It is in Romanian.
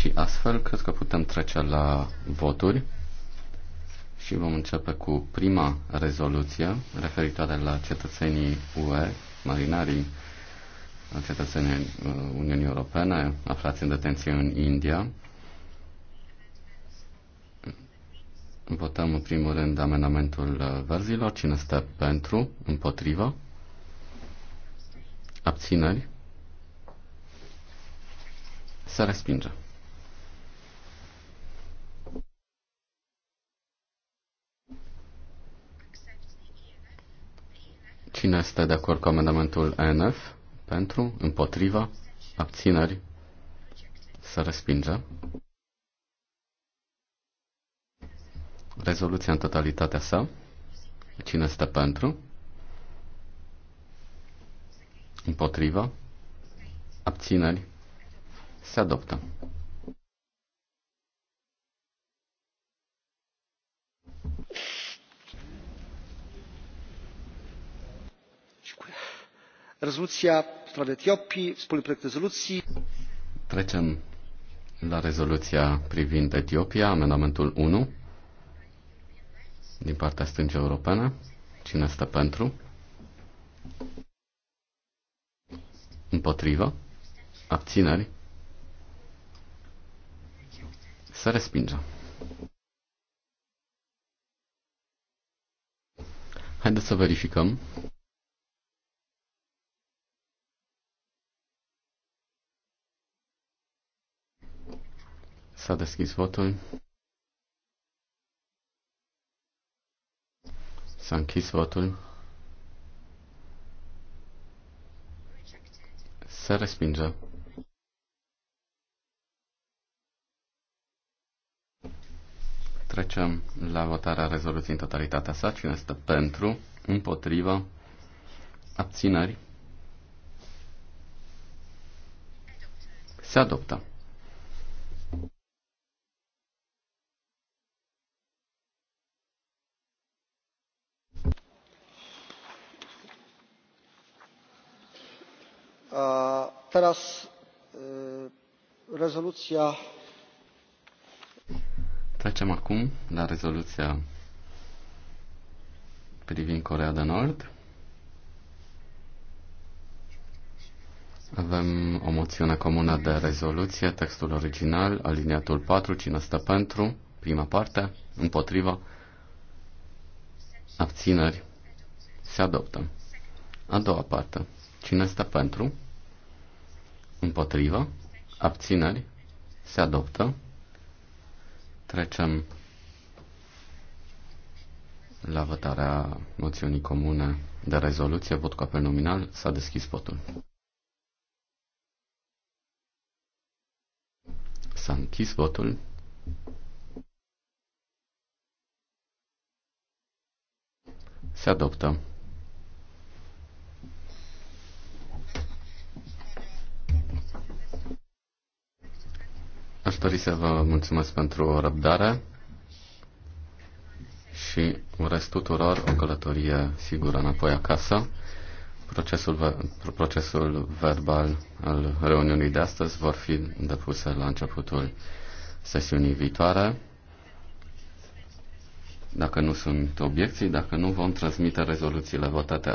Și astfel cred că putem trece la voturi și vom începe cu prima rezoluție referitoare la cetățenii UE, marinarii cetățenii uh, Uniunii Europene aflați în detenție în India. Votăm în primul rând amendamentul uh, verzilor. Cine stă pentru? Împotrivă? Abțineri? Se respinge. Cine este de acord cu amendamentul NF? Pentru? Împotriva? Abțineri? Să respinge? Rezoluția în totalitatea sa. Cine este pentru? Împotriva? Abțineri? Se adoptă. rezoluția privind etiopia wspólny proiect rezolucji. Trecem la rezoluția privind Etiopia, amendamentul 1 din partea stângii europene. Cine stă pentru? Împotrivă? Abțineri? Se respinge. Haideți să verificăm. S-a deschis votul. S-a închis votul. Se respinge. Trecem la votarea rezoluției în totalitatea sa. Cine este pentru, împotriva, abținări? Se adoptă. rezoluția. Trecem acum la rezoluția privind Corea de Nord. Avem o moțiune comună de rezoluție, textul original, aliniatul 4, cine stă pentru, prima parte, împotriva, abțineri, se adoptă. A doua parte. Cine stă pentru? Împotrivă? Abțineri? Se adoptă. Trecem la votarea moțiunii comune de rezoluție. Vot cu apel nominal. S-a deschis votul. S-a închis votul. Se adoptă. Aș dori să vă mulțumesc pentru răbdare și urez tuturor o călătorie sigură înapoi acasă. Procesul, procesul verbal al reuniunii de astăzi vor fi depuse la începutul sesiunii viitoare. Dacă nu sunt obiecții, dacă nu vom transmite rezoluțiile votate